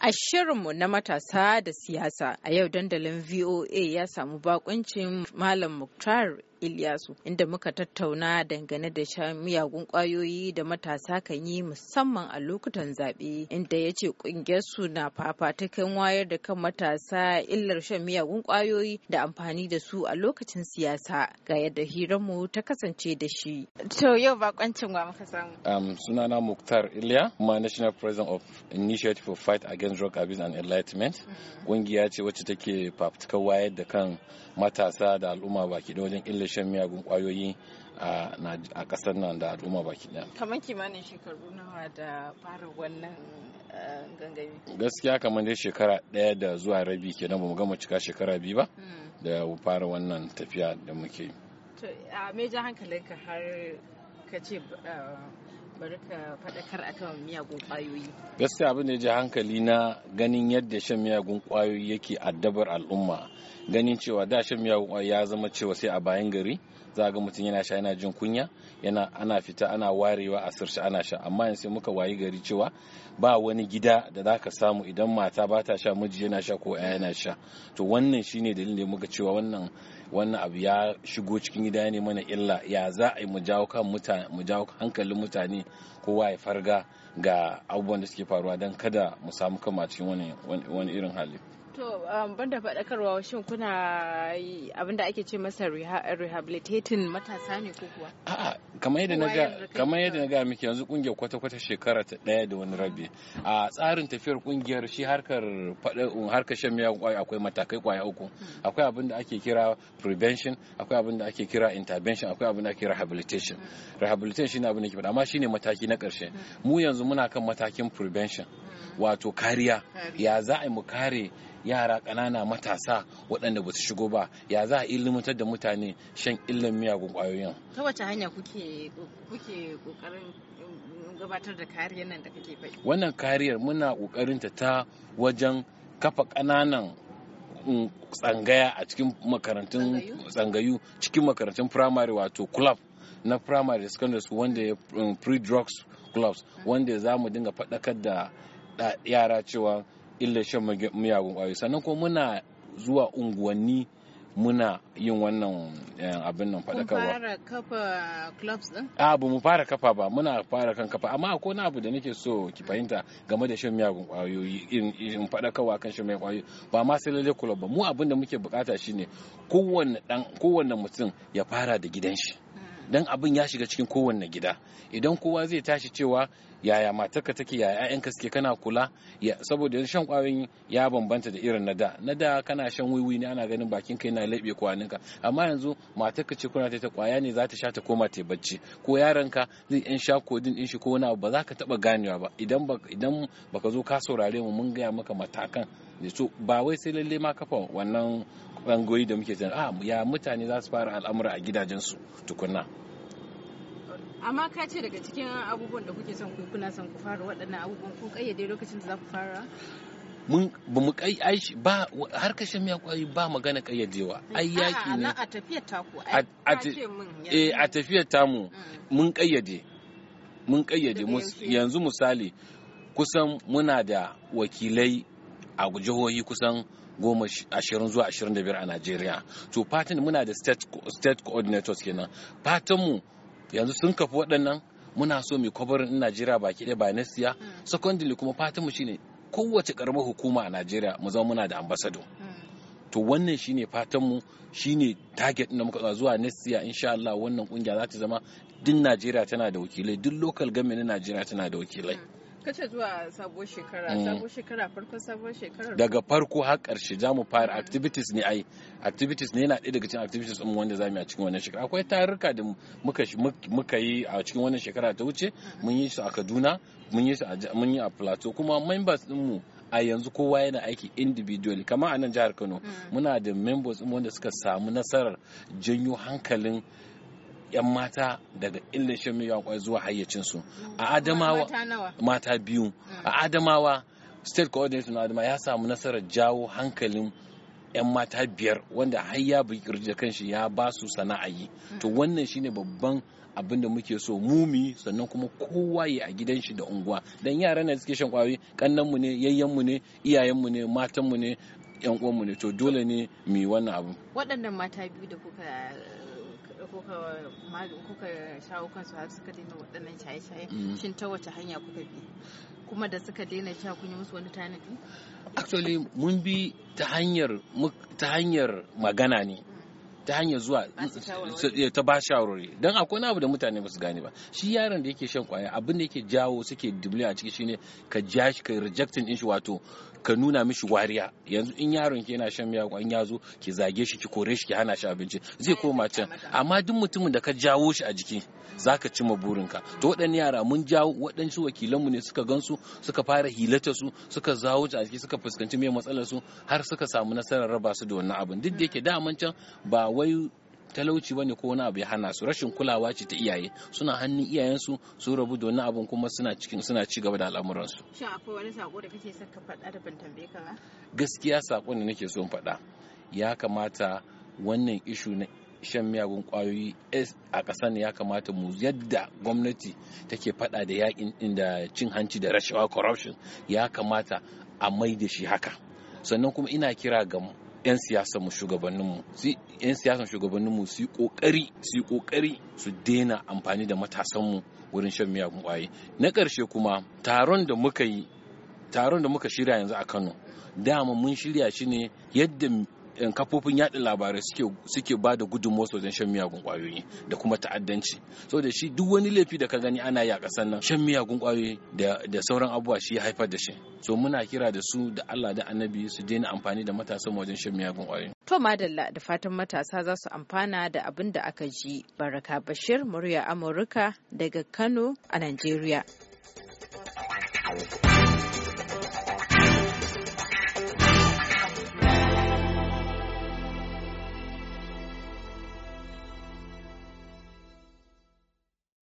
A shirinmu na matasa da siyasa a yau dandalin VOA ya samu bakuncin Malam Muktar Ilyasu inda muka tattauna dangane da shan miyagun kwayoyi da matasa kan yi musamman a lokutan zaɓe inda ya ce ƙungiyarsu na fafatakan wayar da kan matasa illar shan miyagun kwayoyi da amfani da su a lokacin siyasa ga yadda hiranmu ta kasance da shi. To yau bakoncin wa muka samu. Um, sunana Muktar Ilya, ma National President of Initiative for Fight Against Drug Abuse and Enlightenment. Mm-hmm. Ƙungiya ce wacce take fafatakan wayar da kan matasa da al'umma baki da wajen illar shan miyagun kwayoyi a kasar nan da al'umma baki daya kamar kimanin shekaru nawa da fara wannan eh, gangami gaskiya kamar dai shekara ɗaya da zuwa rabi kenan ba mu gama cika shekara biyu ba hmm. da fara wannan tafiya da muke to a meja hankalinka har ka ce eh, bari gaskiya abin da ya ji hankali na ganin yadda shan miyagun ƙwayoyi yake addabar al'umma ganin cewa da shan miyagun ƙwayoyi ya zama cewa sai a bayan gari za ga mutum yana sha yana jin kunya yana ana fita ana warewa a sirshi ana sha amma yanzu muka wayi gari cewa ba wani gida da za ka samu idan mata ba ta sha miji yana sha ko 'ya yana sha to wannan shine dalilin da muka cewa wannan wannan abu ya shigo cikin gida ne mana illa ya za a yi mu jawo kan mutane mu jawo hankalin mutane kowa ya farga ga abubuwan da suke faruwa don kada mu samu kama cikin wani irin hali To um, ban banda faɗakarwa shin kuna abin da ake ce masa rehabilitating matasa ne ko kuwa? kamar yadda na ga na ga miki yanzu kungiyar kwata-kwata shekara ta daya da wani rabi a tsarin tafiyar kungiyar shi harkar harkar shan miyagun kwaya akwai matakai kwaya uku hmm. akwai abin da ake kira prevention akwai abin da ake kira intervention akwai abin da ake rehabilitation hmm. rehabilitation shine abin da ke faɗa amma shine mataki na ƙarshe hmm. mu yanzu muna kan matakin prevention wato kariya ya za a yi mu kare yara ƙanana matasa waɗanda ba su shigo ba ya za a ilimantar da mutane shan illan miyagun ƙwayoyin ta wace hanya kuke kuke ƙoƙarin gabatar da kariyar nan da kake faɗi wannan kariyar muna ƙoƙarin ta ta wajen kafa ƙananan mm, tsangaya a cikin makarantun tsangayu cikin makarantun firamare wato club na primary secondary school wanda ya mm, pre-drugs clubs wanda za mu dinga faɗakar da yara cewa illar shan miyagun kwayoyi sannan kuma muna zuwa unguwanni muna yin wannan eh, abin nan faɗakarwa. Kun fara kafa clubs din? A ba mu fara kafa ba muna fara kan kafa amma akwai wani abu da nake so ki fahimta game da shan miyagun kwayoyi in faɗakarwa kan shan miyagun kwayoyi ba ma sai lalle club ba mu abin da muke bukata shine kowanne dan kowanne mutum ya fara da gidan shi. don abin ya shiga cikin kowanne gida idan kowa zai tashi cewa yaya matarka take yaya 'ya'yanka suke kana kula saboda shan kwayoyin ya bambanta da irin na da na da kana shan wiwi ne ana ganin bakin kai na laɓe kwaninka amma yanzu matarka ce kuna ta kwaya ne za ta sha ta koma ta bacci ko yaranka zai yan sha kodin din shi ko wani abu ba za ka taba ganewa ba idan idan baka zo ka saurare mu mun gaya maka matakan so ba wai sai lalle ma kafa wannan rangoyi da muke a ah, ya mutane za su fara al'amura a gidajensu tukunna amma ka ce daga cikin abubuwan da kuke son ku kuna son ku fara waɗannan abubuwan kun kayyade lokacin da za ku fara mun ba mu kai aishi ba har kashe miya kwari ba magana kayyadewa ai yaki ne a tafiyar mun eh a tafiyar mu mm. mun kayyade mun kayyade yanzu misali kusan muna da wakilai a jihohi kusan goma ashirin zuwa ashirin da a najeriya to fatan muna da state coordinators kenan fatanmu yanzu sun kafi waɗannan muna so mai kwabarin in najeriya baki ɗaya ba nasiya mm. secondly kuma fatanmu shine kowace karamar hukuma a najeriya mu zama muna da ambasado mm. to wannan shine fatanmu shine target da muka zuwa next year insha Allah wannan kungiya za ta zama duk Najeriya tana da wakilai duk local government na Najeriya tana da wakilai mm. kace zuwa sabuwar shekara mm. sabuwar shekara farkon sabuwar shekara daga farko har karshe za mu fara activities ne ai activities ne yana ɗaya daga cikin activities ɗin wanda mu yi a cikin wannan shekara akwai tarurruka da muka muka yi a cikin wannan shekara ta wuce mm-hmm. mun yi su a Kaduna mun yi su a mun yi a Plateau kuma members ɗin mu a yanzu kowa yana aiki individually kamar a nan jihar Kano mm. muna da members ɗin wanda suka samu nasarar janyo hankalin 'yan mata daga illar shan miyagun zuwa hayyacinsu a adamawa mata biyu a mm. adamawa state coordinator na adama ya samu nasarar jawo hankalin 'yan mata biyar wanda har ya buƙi da kanshi ya ba su sana'a yi mm. to wannan shine babban abin da muke so mumi sannan kuma kowa ya a gidan shi da unguwa dan yaran da suke shan kwayoyi kannan mu ne yayyan mu ne iyayen mu ne matan mu ne yan uwan mu ne to dole ne mu yi wannan abu waɗannan mata biyu da kuka Ko kuka shawo kansu har suka daina waɗannan shaye-shaye mm. shin ta wace hanya kuka bi kuma da suka daina sha kun yi musu wani tanadi actually mun bi ta hanyar ta hanyar magana ne ta hanyar zuwa ta ba shawarwari don akwai wani abu da mutane ba su gane ba shi yaron da yake shan kwaya abin da yake jawo suke dubli a ciki shine ka ja shi ka rejectin din shi wato ka nuna mishi wariya yanzu in yaron ki yana shan miyagun in ya zo ki zage shi ki kore shi ki hana shi abinci zai koma can amma duk mutumin da ka jawo shi a jiki zaka burin burinka to waɗannan yara mun jawo waɗansu wakilanmu ne suka gansu suka fara hilata su suka zawo a jiki suka fuskanci mai matsalar su har suka samu nasarar raba su da wannan abin duk da yake daman can ba wai talauci bane ko wani abu ya hana su rashin kulawa ce ta iyaye suna hannun iyayensu su rabu da wani abun kuma suna cikin suna ci gaba da al'amuransu shin akwai wani sako da kake son ka faɗa da ban tambaye ka ba gaskiya sakon da nake son faɗa ya kamata wannan ishu na shan miyagun kwayoyi eh, a ƙasar ya kamata mu yadda gwamnati take faɗa da yakin inda cin hanci da rashawa corruption ya kamata a mai da shi haka sannan kuma ina kira ga 'yan siyasan mu shugabannin mu su 'yan siyasar shugabannin mu su kokari su kokari su daina amfani da matasan mu wurin shan miyagun kwaye na ƙarshe kuma taron da muka yi taron da muka shirya yanzu a Kano dama mun shirya shi ne yadda kafofin yaɗa labarai suke ba da gudunmuwa wajen shan miyagun kwayoyi da kuma ta'addanci so da shi duk wani laifi da ka gani ana yi a ƙasar nan shan miyagun kwayoyi da sauran abubuwa shi ya haifar da shi so muna kira da su da Allah da annabi su daina amfani da matasan wajen shan miyagun kwayoyi to madalla da fatan matasa za su amfana da abin da aka ji baraka bashir murya amurka daga kano a najeriya